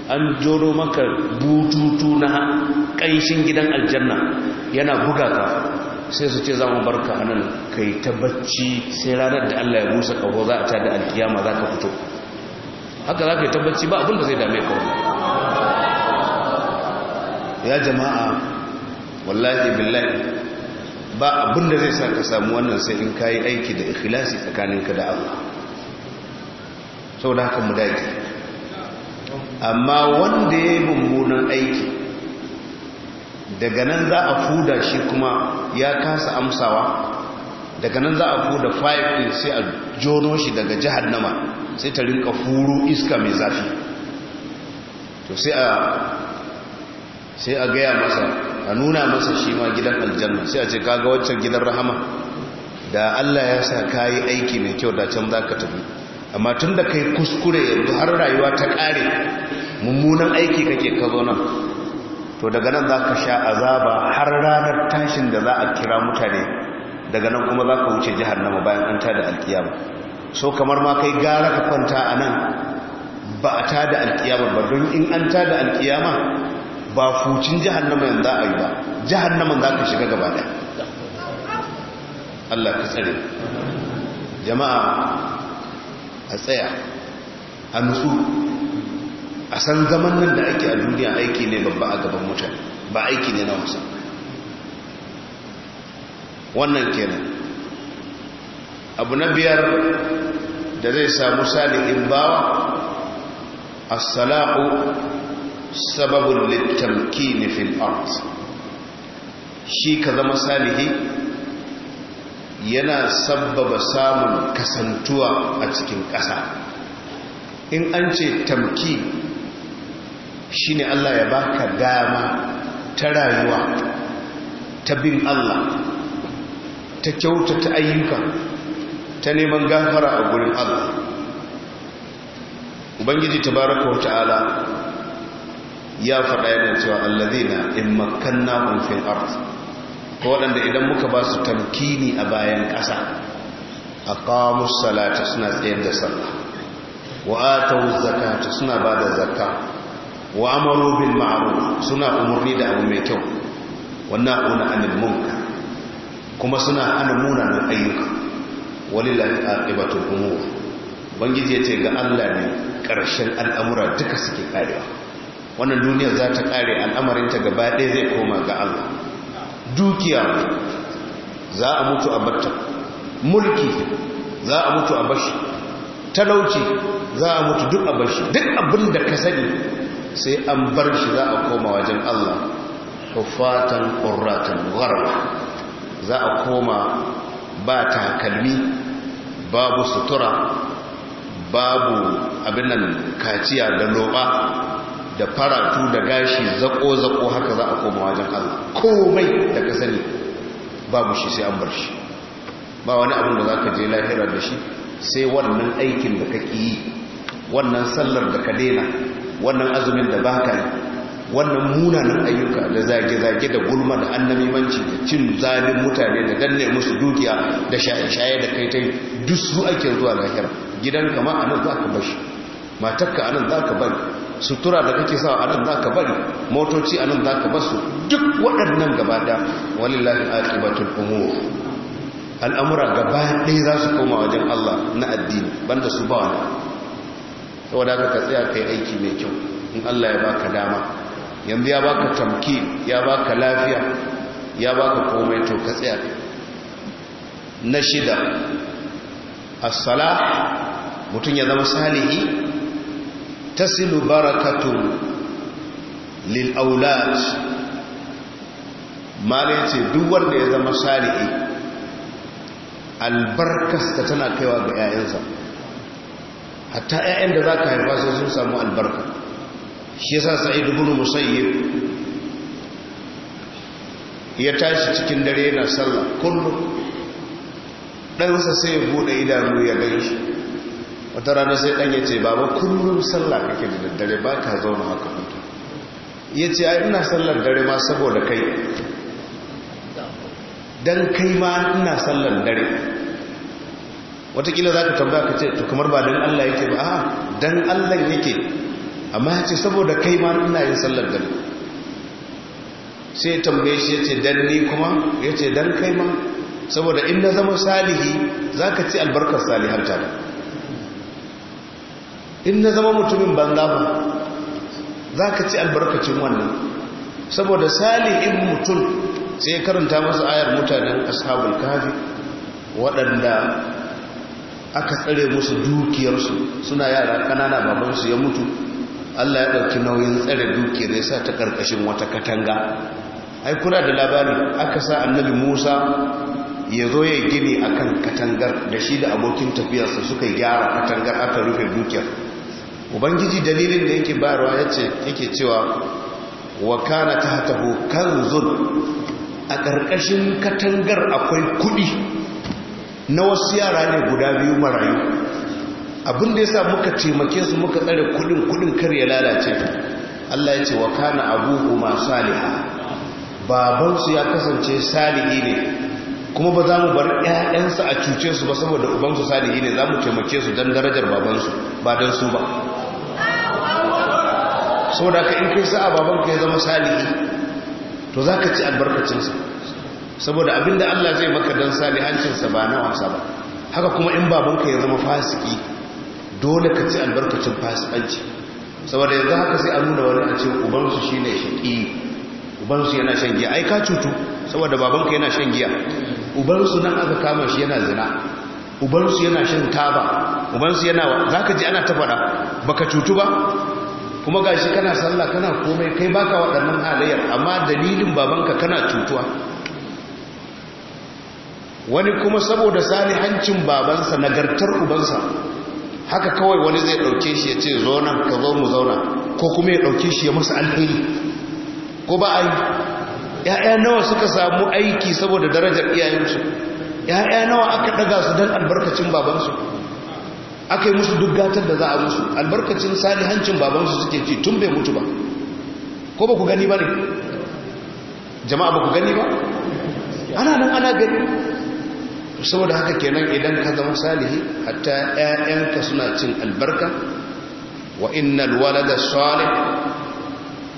an joro maka bututu na ƙanshin gidan aljanna yana buga ka sai su ce za mu bar ka hannun kai ta bacci sai ranar da Allah ya busa kawo za a tada alkiyama za ka fito haka za ka yi ta bacci ba abinda zai dame ka ya jama'a wallahi billahi ba abinda zai sa ka samu wannan sai in kayi aiki da tsakanin tsakaninka da Allah sau da haka mu daji amma wanda ya yi mummunan aiki daga nan za a fuda shi kuma ya kasa amsawa daga nan za a fuda 5 ɗin sai a jono shi daga jihar nama sai ta rinka furu iska mai zafi to sai a gaya masa a nuna masa shi ma gidan aljanna sai a ce kaga waccan gidan rahama da allah ya sa ka aiki mai kyau da can za ka tafi amma tun da kai kuskure yanzu har rayuwa ta ƙare mummunan aiki kake ka zo nan to daga nan za ka sha azaba har ranar tashin da za a kira mutane daga nan kuma za ka wuce jihannama bayan an tada alkiyama so kamar ma kai gara ka kwanta a nan ba a tada alkiyama ba don in an tada alkiyama ba fucin jihannama yanzu za a yi ba nama za ka shiga gaba da Allah ka tsare jama'a a tsaya a nutsu a san zaman nan da ake a duniya aiki ne babba a gaban mutane ba aiki ne na wasa wannan kenan abu na biyar da zai samu salihin bawa as sababin littamki ne fil art shi ka zama salihi yana sabbaba samun kasantuwa a cikin ƙasa in an ce tamki shine Allah ya baka dama ta rayuwa ta bin Allah ta kyauta ta ayyuka ta neman gafara a gurin Allah ubangiji baraka wa ta'ala ya faɗa yana cewa allazina in makkannahum fil arz ko waɗanda idan muka ba su tamkini a bayan ƙasa aqamus salata suna tsayar da sallah wa atawuz zakata suna ba da zakka wa amaru bil ma'ruf suna umurni da abu mai kyau wannan una anil munkar kuma suna hana da ayyuka walillahi aqibatul umur bangiji yace ga Allah ne karshen al'amura duka suke karewa wannan duniyar za ta kare al'amarin ta gaba ɗaya zai koma ga Allah dukiya za a mutu a batta mulki za a mutu a bashi talauci za a mutu duk a bashi duk abin da ka sani sai an bar shi za a koma wajen Allah hufatan qurratan gharwa za a koma ba takalmi babu sutura babu abinan kaciya da loba da faratu da gashi zaƙo-zaƙo haka za a koma wajen Allah komai da ka sani babu shi sai an bar shi ba wani abin da za ka je lahira da shi sai wannan aikin da ka ƙi yi wannan sallar da ka daina wannan azumin da baka yi wannan munanan ayyuka da zage-zage da gulma da annabimanci da cin zalin mutane da danne musu dukiya da shaye-shaye da kai tai duk su ake zuwa lahira gidan kama a nan za ka bashi matakka a nan za ka bari sutura da kake sawa a nan za ka bari motoci a nan za ka basu duk waɗannan gaba da walillahi akibatul umur al'amura gaba ɗaya za su koma wajen Allah na addini banda su ba wani saboda ka tsaya kai aiki mai kyau in Allah ya baka dama yanzu ya baka tamki ya baka lafiya ya baka komai to ka tsaya na shida as-sala mutun ya zama salihi tasilu barakatun lil aulad mala yace duk wanda ya zama salihi albarkasta tana kaiwa ga 'ya'yansa hatta 'ya'yan da za ka haifa sai sun samu albarka shi yasa sa'id ibn musayyib ya tashi cikin dare yana sallah kullum ɗansa sai ya buɗe idanu ya gan shi wata rana sai dan ya ce baba kullum sallah kake da daddare ba ka zauna haka hutu ya ce ai ina sallar dare ma saboda kai don kai ma ina sallar dare watakila za ka tambaya ka ce to kamar ba don Allah yake ba a don Allah yake amma ya ce saboda kai ma ina yin sallar dare sai tambaye shi ya ce don ni kuma ya ce don kai ma saboda in na zama salihi za ka ci albarkar salihar ta in na zama mutumin banza ba za ka ci albarkacin wannan saboda salihin mutum sai karanta masu ayar mutanen ashabul kafi waɗanda aka tsare musu dukiyarsu suna yara kanana babansu ya mutu Allah ya ɗauki nauyin tsare dukiyar ya sa ta ƙarƙashin wata katanga ai kuna da labari aka sa annabi musa ya zo ya gini akan katangar da shi da abokin tafiyarsa suka gyara katangar aka rufe dukiyar ubangiji dalilin da yake bayarwa yake cewa wa kana tahtahu kanzun a ƙarƙashin katangar akwai kuɗi na wasu yara ne guda biyu marayu abin da ya sa muka taimake su muka tsare kudin kudin kar ya lalace Allah ya ce wa kana abuhu ma saliha babansu ya kasance salihi ne kuma ba za mu bar ƴaƴansu a cuce su ba saboda ubansu salihi ne za mu taimake su don darajar babansu ba don su ba saboda ka in kai sa'a babanka ya zama salihi to za ka ci albarkacinsa saboda abinda Allah zai maka dan salihancinsa ba na wasa ba haka kuma in babanka ya zama fasiki dole ka ci albarkacin fasikanci saboda yanzu haka sai an nuna wani a ce ubansu shine shaƙi ubansu yana shan giya ai ka cutu saboda babanka yana shan giya ubansu nan aka kama shi yana zina ubansu yana shan taba ubansu yana za ka ji ana ta faɗa ba ka cutu ba kuma gashi kana sallah kana komai kai baka waɗannan halayyar amma dalilin babanka kana cutuwa wani kuma saboda salihancin babansa nagartar ubansa haka kawai wani zai ɗauke shi ya ce zonan ka zo mu zauna ko kuma ya ɗauke shi ya masa alheri ko ba ai yi ‘ya'ya nawa suka samu aiki saboda darajar iyayensu ‘ya'ya nawa aka daga su don albarkacin babansu aka yi musu duk gatar da za a musu albarkacin salihancin babansu suke ci tun bai mutu ba ko ba ku gani ba ne jama'a ba ku gani ba ana nan ana gani saboda haka kenan idan ka zama salihi hatta ƴaƴanka suna cin albarka wa innal walada salih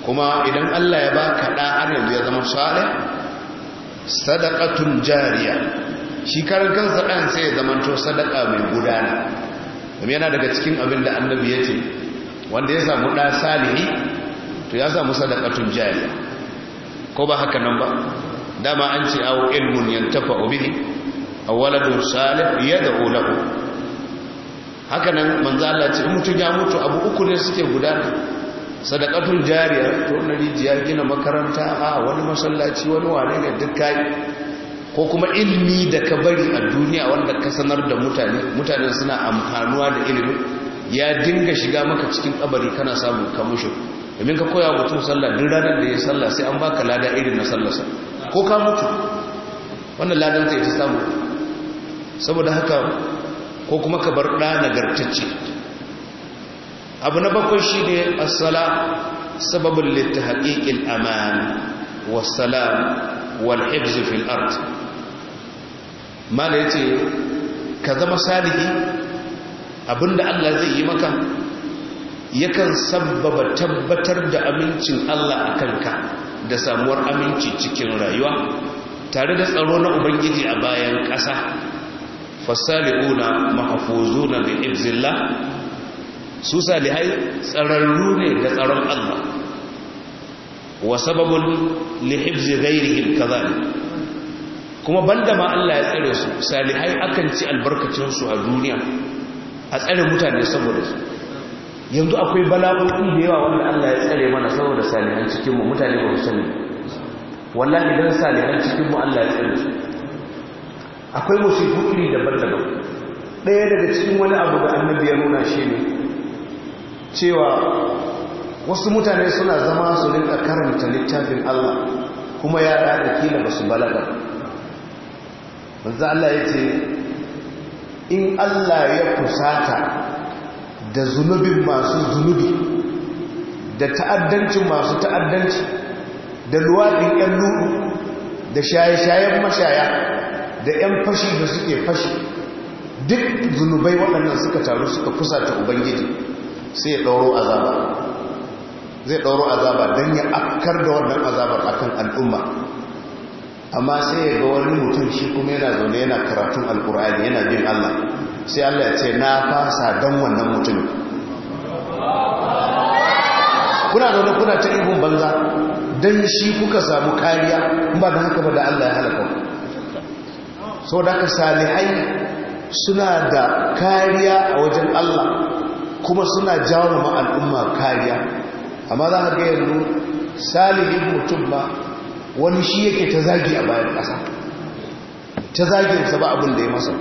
kuma idan Allah ya baka da ya zama salih sadaqatun jariya shi karan kansa ɗan sai ya zamanto sadaka mai gudana kuma yana daga cikin abin da annabi ya ce wanda ya samu ɗa salihi to ya samu sadakatun jariya ko ba haka nan ba dama an ce awo ilmun yantafa obihi aw waladun salih yad'u lahu haka nan manzo Allah ce mutu ya mutu abu uku ne suke gudana sadaqatul jariya to na rijiya gina makaranta a wani masallaci wani wane ne duk ko kuma ilimi da ka bari a duniya wanda ka sanar da mutane mutane suna amfanuwa da ilimi ya dinga shiga maka cikin kabari kana samun kamushin domin ka koya mutum sallah duk ranar da ya sallah sai an baka lada irin na sallarsa ko ka mutu wannan ladan ta samu saboda haka ko kuma ka bar ɗa nagartacce abu na bakwai shi ne asala sababin litta haƙiƙin aman wasalam walhibzi fil art mala ya ce ka zama salihi abinda allah zai yi maka yakan sababa tabbatar da amincin allah a kanka da samuwar aminci cikin rayuwa tare da tsaro na ubangiji a bayan ƙasa fasali'una mahfuzuna bi ibzillah su salihai tsararru ne da tsaron Allah wa sababun li hifzi ghairihim kadhalik kuma banda ma Allah ya tsare su salihai akan ci albarkacin su a duniya a tsare mutane saboda su yanzu akwai bala'o'i da yawa wanda Allah ya tsare mana saboda salihan cikin mu mutane ba su sani wallahi idan salihan cikin mu Allah ya tsare su akwai musibu iri daban-daban ɗaya daga cikin wani abu da annabi ya nuna shi ne cewa wasu mutane suna zama su rinka karanta littafin Allah kuma ya da kila ba su balaga manzo Allah ya ce in Allah ya kusata da zunubin masu zunubi da ta'addanci masu ta'addanci da luwaɗin 'yan nuhu, da shaye-shayen mashaya da 'yan fashi da suke fashi duk zunubai waɗannan suka taru suka kusa ta ubangiji sai ya ɗauro azaba zai ɗauro azaba don ya akar da wannan azabar akan al'umma amma sai ya ga wani mutum shi kuma yana zaune yana karatun alkur'ani yana bin allah sai allah ya ce na fasa don wannan mutum kuna zaune kuna ta ihun banza don shi kuka samu kariya ba da haka ba da allah ya halaka sau da ka salihai suna da kariya a wajen Allah kuma suna jawo ma al'umma kariya amma za ka ga yanzu salihin mutum ba wani shi yake ta zagi a bayan ƙasa ta zaginsa ba abin da ya masa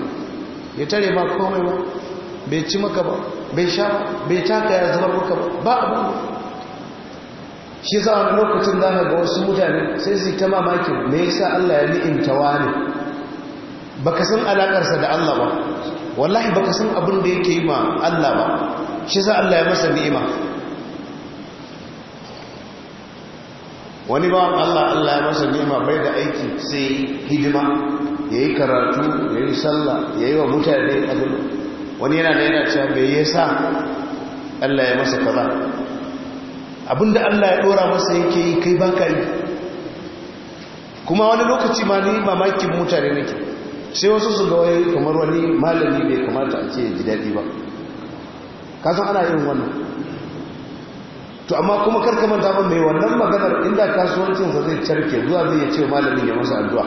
ya tare ma komai ba bai ci maka ba bai sha bai taka ya zama maka ba ba abin shi za a lokacin za ga wasu mutane sai su yi ta mamakin me yasa Allah ya ni'imta wani baka san alakarsa da Allah ba wallahi baka san abin da yake yi ma Allah ba shi sa Allah ya masa ni'ima wani ba Allah Allah ya masa ni'ima bai da aiki sai hidima yayi karatu yayi sallah yayi wa mutane abin wani yana da yana cewa bai yasa Allah ya masa kaza abinda Allah ya dora masa yake yi kai baka yi kuma wani lokaci ma ni mamakin mutane nake sai wasu su ga wai kamar wani malami bai kamata a ce ji daɗi ba kasan ana yin wannan to amma kuma karka ta mai wannan maganar inda kasuwancinsa zai carke zuwa zai ya ce malamin ya masa addu'a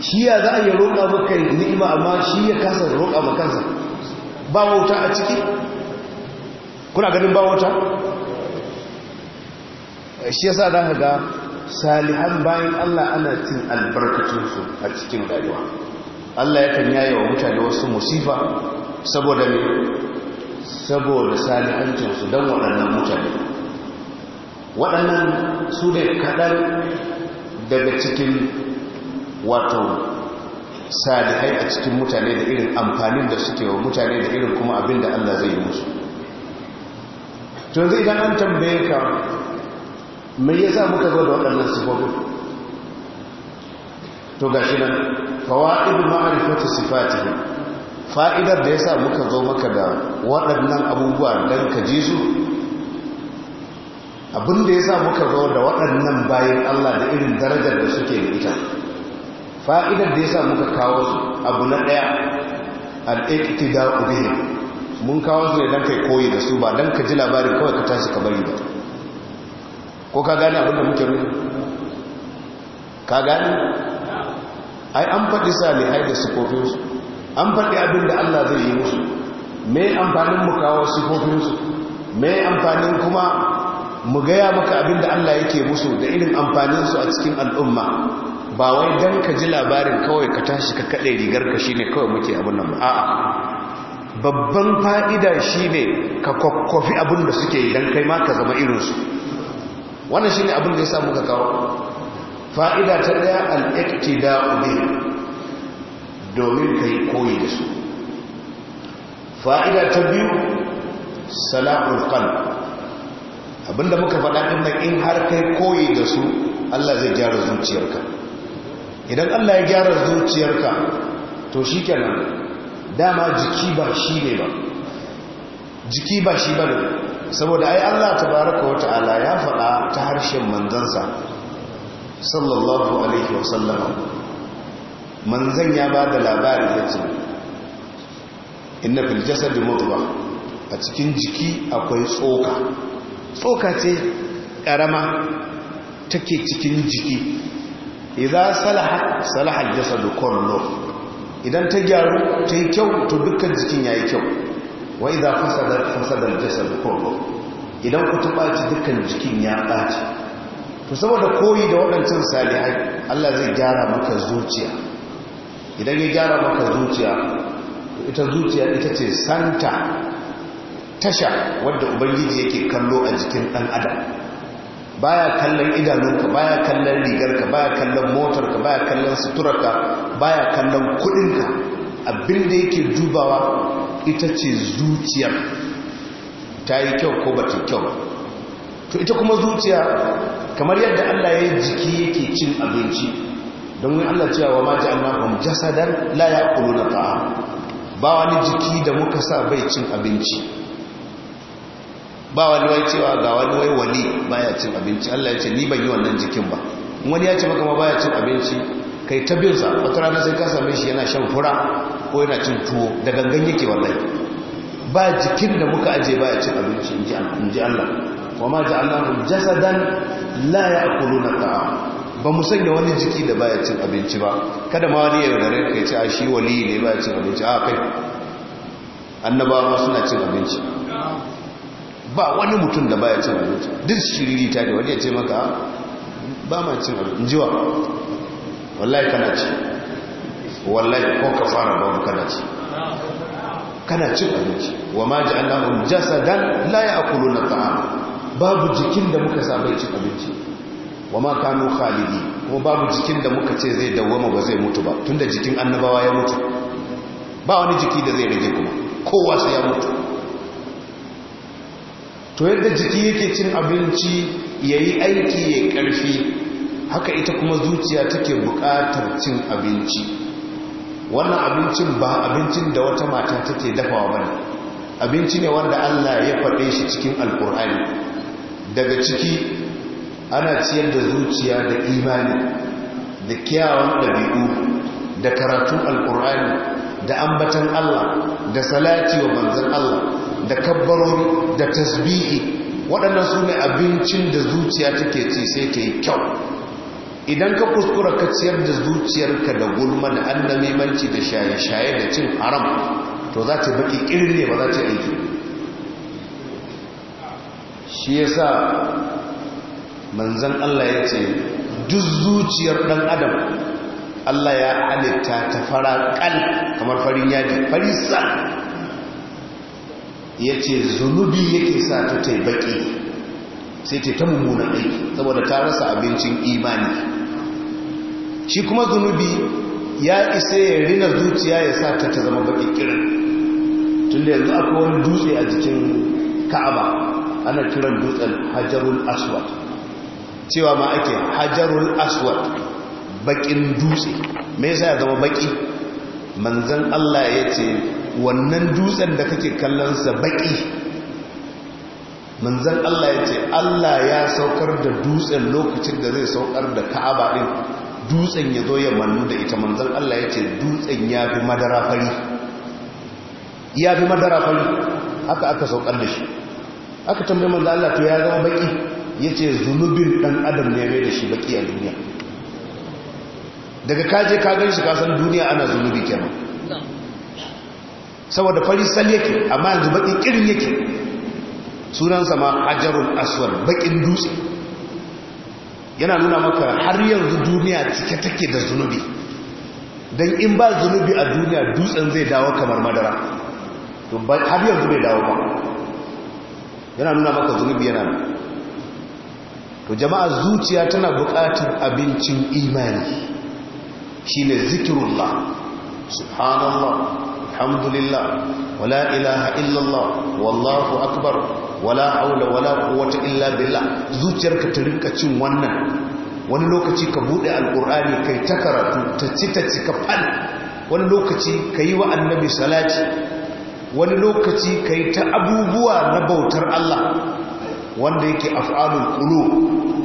shi ya za a yi roƙa maka ni'ima amma shi ya kasa roƙa ma kansa ba wauta a ciki kuna ganin ba wauta shi ya sa da ka ga salihan bayan Allah ana cin albarkacinsu a cikin rayuwa Allah yakan yaye wa mutane wasu musifa saboda ne saboda salihancinsu don waɗannan mutane waɗannan su ne kaɗan daga cikin wato salihai a cikin mutane da irin amfanin da suke wa mutane da irin kuma abin da Allah zai yi musu to zai idan an tambaye ka mai ya sa muka zo da waɗannan sifofin to ga shi nan fawa'id ma'arifatu sifatihi fa'idar da ya sa muka zo maka da waɗannan abubuwa don ka ji su abinda ya sa muka zo da waɗannan bayan Allah da irin darajar da suke da ita fa'idar da ya sa muka kawo su abu na ɗaya al'ikti da ubihim mun kawo su ne don kai koyi da su ba don ka ji labarin kawai ka tashi kamar bari ba ko ka gane abinda muke rufe ka gane ai an faɗi ai da su. an faɗi abinda allah zai yi musu mai amfanin mu kawo su, mai amfanin kuma mu gaya maka abinda allah yake musu da irin amfaninsu a cikin al'umma ba wai don ka ji labarin kawai ka tashi ka kaɗe rigar ka shine kawai muke abin nan a'a babban fa'ida shine ka kwakwafi abin da suke idan kai ma ka zama irinsu wannan shi ne abin da ya samu muka kawo fa'ida ta daya al da ube domin ka yi koyi da su fa'ida ta biyu salahul kan abinda muka faɗa ɗin in har kai koyi da su Allah zai gyara zuciyarka idan Allah ya gyara zuciyarka to shikenan dama jiki ba shi ne ba jiki ba shi ba ne saboda ai Allah tabaraka wa ta'ala ya faɗa ta harshen manzansa sallallahu alaihi wa sallama manzan ya ba da labari ya ce inna fil jasadi mutwa a cikin jiki akwai tsoka tsoka ce karama take cikin jiki idan salaha salaha jasadu kullu idan ta gyaru ta yi kyau to dukkan jikin yayi kyau wa idza fasada fasada al-jasad kullu idan ku ci dukkan jikin ya baci to saboda koyi da waɗancan salihai Allah zai gyara maka zuciya idan ya gyara maka zuciya ita zuciya ita ce santa tasha wadda ubangiji yake kallo a jikin dan adam baya kallon idanunka baya kallon rigar ka, baya kallon motarka baya kallon suturarka baya kallon abin abinda yake dubawa ita ce zuciyar ta yi kyau ko ba ta kyau to ita kuma zuciya kamar yadda Allah ya jiki yake cin abinci don wani Allah cewa ma ji amma kuma jasadar la ya kulu na ta'a ba wani jiki da muka sa bai cin abinci ba wani wai cewa ga wani wai wani baya cin abinci Allah ya ce ni ban yi wannan jikin ba wani ya ce maka ma baya cin abinci kai ta sa wata rana sai ka same shi yana shan fura ko yana cin tuwo da gangan yake wallahi ba jikin da muka aje ba ya cin abinci in ji Allah kuma ja'alnahum jasadan la ya'kuluna ta'am ba mu sanya wani jiki da baya cin abinci ba kada ma wani gare kai ce a shi wali ne ba cin abinci a kai annabawa suna cin abinci ba wani mutum da baya cin abinci duk shiriri ta ne wani ya ce maka ba ma cin abinci wa. wallahi kana ci wallahi ko ka fara babu kana ci kana ci abinci wa ma ja'alnahum jasadan la ya'kuluna ta'am babu jikin da muka sa bai cin abinci wa ma kanu khalidi ko babu jikin da muka ce zai dawwama ba zai mutu ba tunda jikin annabawa ya mutu ba wani jiki da zai rage kuma kowa sai ya mutu to yadda jiki yake cin abinci yayi aiki yayi karfi haka ita kuma zuciya take buƙatar cin abinci wannan abincin ba abincin da wata mata take dafawa ba ne abinci ne wanda allah ya faɗe shi cikin alkur'ani daga ciki ana ciyar da zuciya da imani da kyawun ɗabi'u da karatun alƙur'ani da ambatan allah da salati wa banzan allah da kabbarori da tasbihi waɗannan su ne abincin da zuciya take ci sai ta yi kyau idan ka kuskura ka ciyar da zuciyarka da gulma gulman annamimanci da shaye-shaye da cin haram to za ta baki irin ne ba za ta aiki shi ya sa manzan Allah ya ce duk zuciyar ɗan adam Allah ya halitta ta fara ƙal kamar farin yaji farisa ya ce zunubi yake sa ta taibaki sai ta mummuna aiki saboda ta rasa abincin imani shi kuma zunubi ya isa ya rina zuciya ya sa ta ta zama baƙi kiran tun da yanzu akwai wani dutse a jikin ka'aba ana kiran dutsen hajjarul aswad cewa ma ake hajjarul aswad baƙin dutse me yasa ya zama baƙi manzan Allah ya ce wannan dutsen da kake kallonsa baƙi manzan Allah ya ce Allah ya saukar da dutsen lokacin da zai saukar da ka'aba ɗin dutsen ya zo ya mannu da ita manzan Allah ya ce dutsen ya fi madara fari ya fi madara fari haka aka saukar da shi aka tambayi manzan Allah to ya zama baki ya ce zunubin ɗan adam ne mai da shi baki a duniya daga kaje ka gani shi kasan duniya ana zunubi kenan saboda fari sal yake amma yanzu baki kirin yake sunansa ma ajarul aswar bakin dutse yana nuna maka har yanzu duniya cike take da zunubi don in ba zunubi a duniya dutsen zai dawo kamar madara har yanzu bai dawo ba yana nuna maka zunubi yana to jama'a zuciya tana buƙatar abincin imani shi ne zikirullah subhanallah alhamdulillah wala ilaha illallah wallahu akbar wala haula wala quwwata illa billah zuciyarka ta rinka cin wannan wani lokaci ka bude alqur'ani kai ta karatu ta ci ta ka fal wani lokaci kai wa annabi salati wani lokaci kai ta abubuwa na bautar Allah wanda yake af'alul qulub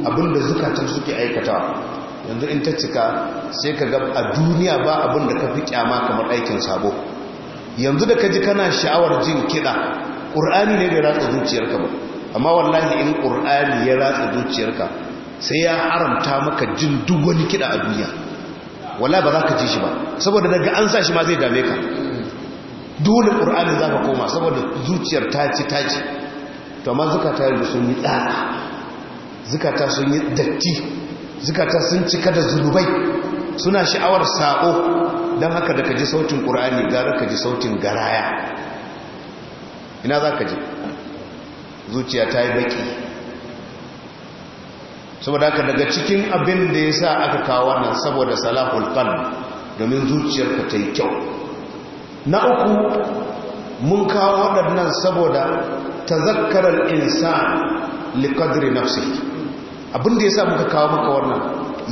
abinda zukatan suke aikata, yanzu in ta cika sai ka ga a duniya ba abinda ka fi kyama kamar aikin sabo yanzu da ka ji kana sha'awar jin kiɗa ƙur'ani ne ya ratsa zuciyarka ba amma wallahi in ƙur'ani ya ratsa zuciyarka sai ya haramta maka jin duk wani kiɗa a duniya wala ba za ka ji shi ba saboda daga an sa shi ma zai dame ka dole ƙur'ani za ka koma saboda zuciyar ta ci ta ci to amma zukata yanzu sun yi tsada zukata sun yi datti zukata sun cika da zunubai suna sha'awar sa'o don haka da ka ji sautin ƙur'ani gara ka ji sautin garaya ina za ka je zuciya ta yi baki saboda haka daga cikin abin da ya sa aka kawo nan saboda salahul qalb domin zuciyarka ta yi kyau na uku mun kawo waɗannan saboda insa insan na nafsi abin da ya sa muka kawo maka wannan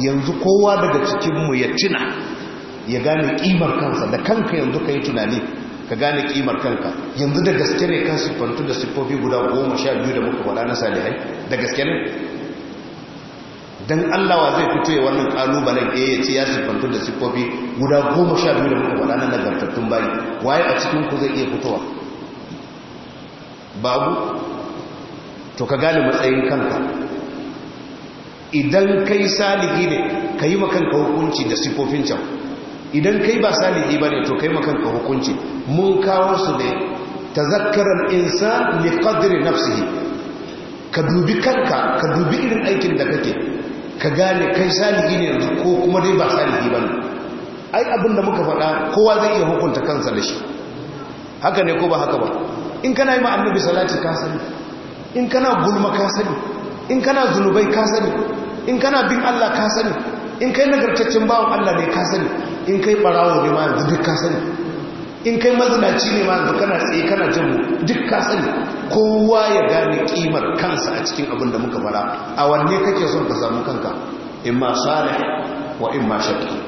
yanzu kowa daga cikinmu ya tuna ya gane ƙimar kansa da kanka yanzu ka yi tunani ka gane kimar kanka yanzu da gaske ne kan siffantu da siffofi guda goma sha biyu da muka faɗa na salihai da gaske ne don allawa zai fito ya wannan kalubalen ɗaya eh, ya ce ya siffantu da siffofi guda goma sha biyu da muka faɗa na nagartattun bayi waye a cikin ku zai iya fitowa babu to ka gane matsayin kanka idan kai salihi ne ka yi makanka hukunci da siffofin can idan kai ba salihi bane to kai ka hukunci mun kawo su ne tazakkaran insan li qadri nafsihi ka dubi kanka ka dubi irin aikin da kake ka gane kai salihi ne yanzu ko kuma dai ba salihi bane ai abin da muka faɗa kowa zai iya hukunta kansa da shi haka ne ko ba haka ba in kana yi ma annabi salati ka sani in kana gulma ka sani in kana zunubai ka sani in kana bin Allah ka sani in kai nagartaccen bawon Allah ne ka sani in kai barawo ne ma yanzu duk ka sani in kai mazinaci ne ma yanzu kana tsaye kana jin duk ka sani kowa ya gane kimar kansa a cikin abin da muka fara a wanne kake son ka samu kanka in ma salih wa in ma shaqi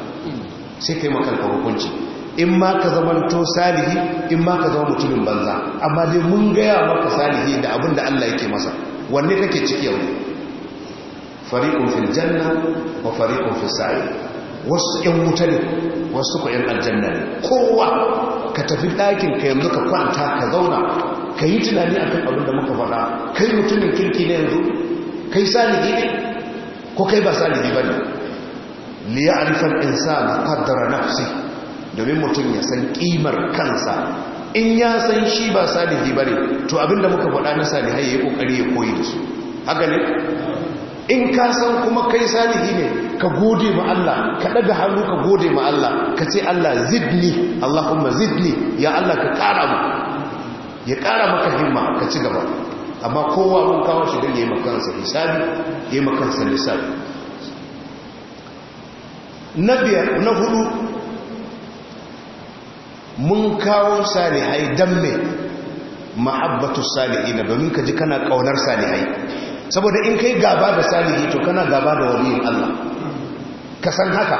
sai kai makanka hukunci in ma ka zama to salihi in ma ka zama mutumin banza amma dai mun gaya maka salihi da abin da Allah yake masa wanne kake ciki yau fariqun fil janna wa fariqun fil sa'i wasu ƴan wuta ne wasu ku ƴan aljanna ne kowa ka tafi ɗakin ka yanzu ka kwanta ka zauna ka yi tunani akan abin da muka faɗa kai mutumin kirki ne yanzu kai Salihi ne ko kai ba saligi ba ne liya'rifal insana qaddara nafsi domin mutum ya san ƙimar kansa in ya san shi ba salihi bane to abin da muka faɗa na salihai yayi kokari ya koyi da su haka ne in ka san kuma kai salihi ne ka gode ma Allah ka daga hannu ka gode ma Allah ka ce Allah zidni Allahumma zidni ya Allah ka kara mu ya kara maka himma ka ci gaba amma kowa mun kawo shi dan yayi makansa hisabi yayi makansa lissafi na biyar na hudu mun kawo salihai dan me mahabbatu salihina domin ka ji kana kaunar salihai saboda in kai gaba da salihi to kana gaba da waliyin Allah ka san haka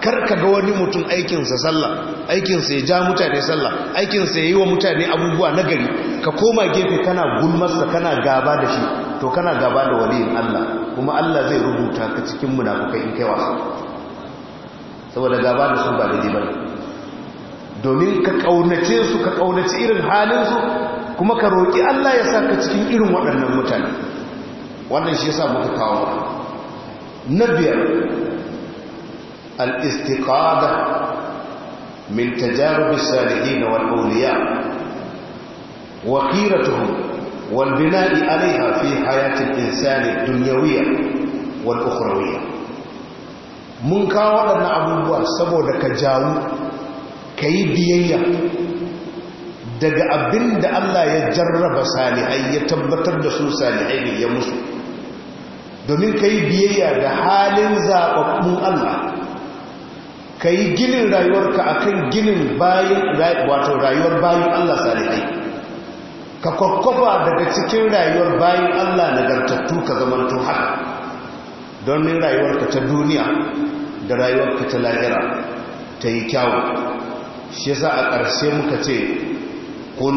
kar ka ga wani mutum aikinsa sallah aikinsa ya ja mutane sallah aikinsa ya yi wa mutane abubuwa na gari ka koma gefe kana gulmarsa kana gaba da shi to kana gaba da waliyin Allah kuma Allah zai rubuta ka cikin munafukai in kai wasu saboda gaba da su ba da ba domin ka kaunace su ka kaunace irin halin su kuma ka roƙi Allah ya sa ka cikin irin waɗannan mutane wannan shi yasa muka kawo na biyar al-istiqada min tajarub as-salihin wal awliya wa qiratuhum wal bina'i 'alayha fi hayati insani ad-dunyawiyya wal ukhrawiyya mun kawo waɗannan abubuwa saboda ka jawo ka yi biyayya daga abinda Allah ya jarraba salihai ya tabbatar da su salihai ne ya musu domin ka yi biyayya da halin zaɓaɓɓun Allah ka yi ginin rayuwarka a kan ginin wato rayuwar bayan Allah salihai ka kwakwafa daga cikin rayuwar bayan Allah nagartattu ka zamanto haka don rayuwar rayuwarka ta duniya da rayuwarka ta lahira ta yi kyawu shi za a ƙarshe muka ce kun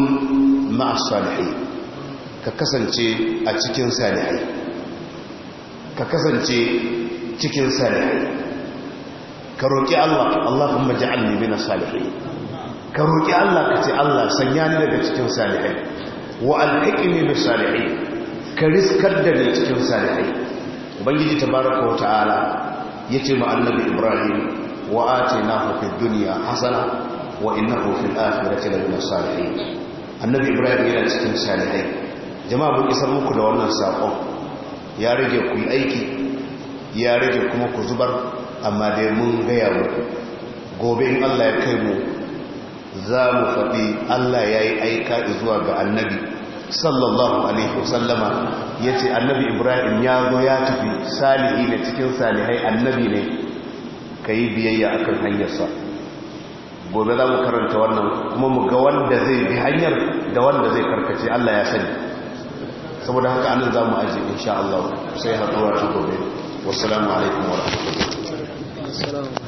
ma'a salihai ka kasance a cikin salihai ka kasance cikin sare ka roƙi Allah Allahumma ja'alni min as-salihin ka roƙi Allah ka ce Allah sanya ni daga cikin salihai wa ne bis salihai ka riskar da ni cikin salihai ubangiji tabaraka wa ta'ala ya ce annabi Ibrahim wa atinahu fid dunya hasana wa innahu fil ce lamin as-salihin annabi Ibrahim yana cikin salihai jama'a mun isar muku da wannan sakon ya rage ku aiki ya rage kuma ku zubar amma dai mun gaya muku gobe in Allah ya kai mu za mu faɗi Allah ya yi aika zuwa ga annabi sallallahu alaihi wasallama ya ce annabi ibrahim ya zo ya tafi salihi ne cikin salihai annabi ne ka yi biyayya a kan hanyarsa gobe za mu karanta wannan kuma mu ga wanda zai bi hanyar da wanda zai karkace Allah ya sani saboda haka anan za mu aji insha Allah sai haɗuwa ta gobe wassalamu alaikum wa rahmatullahi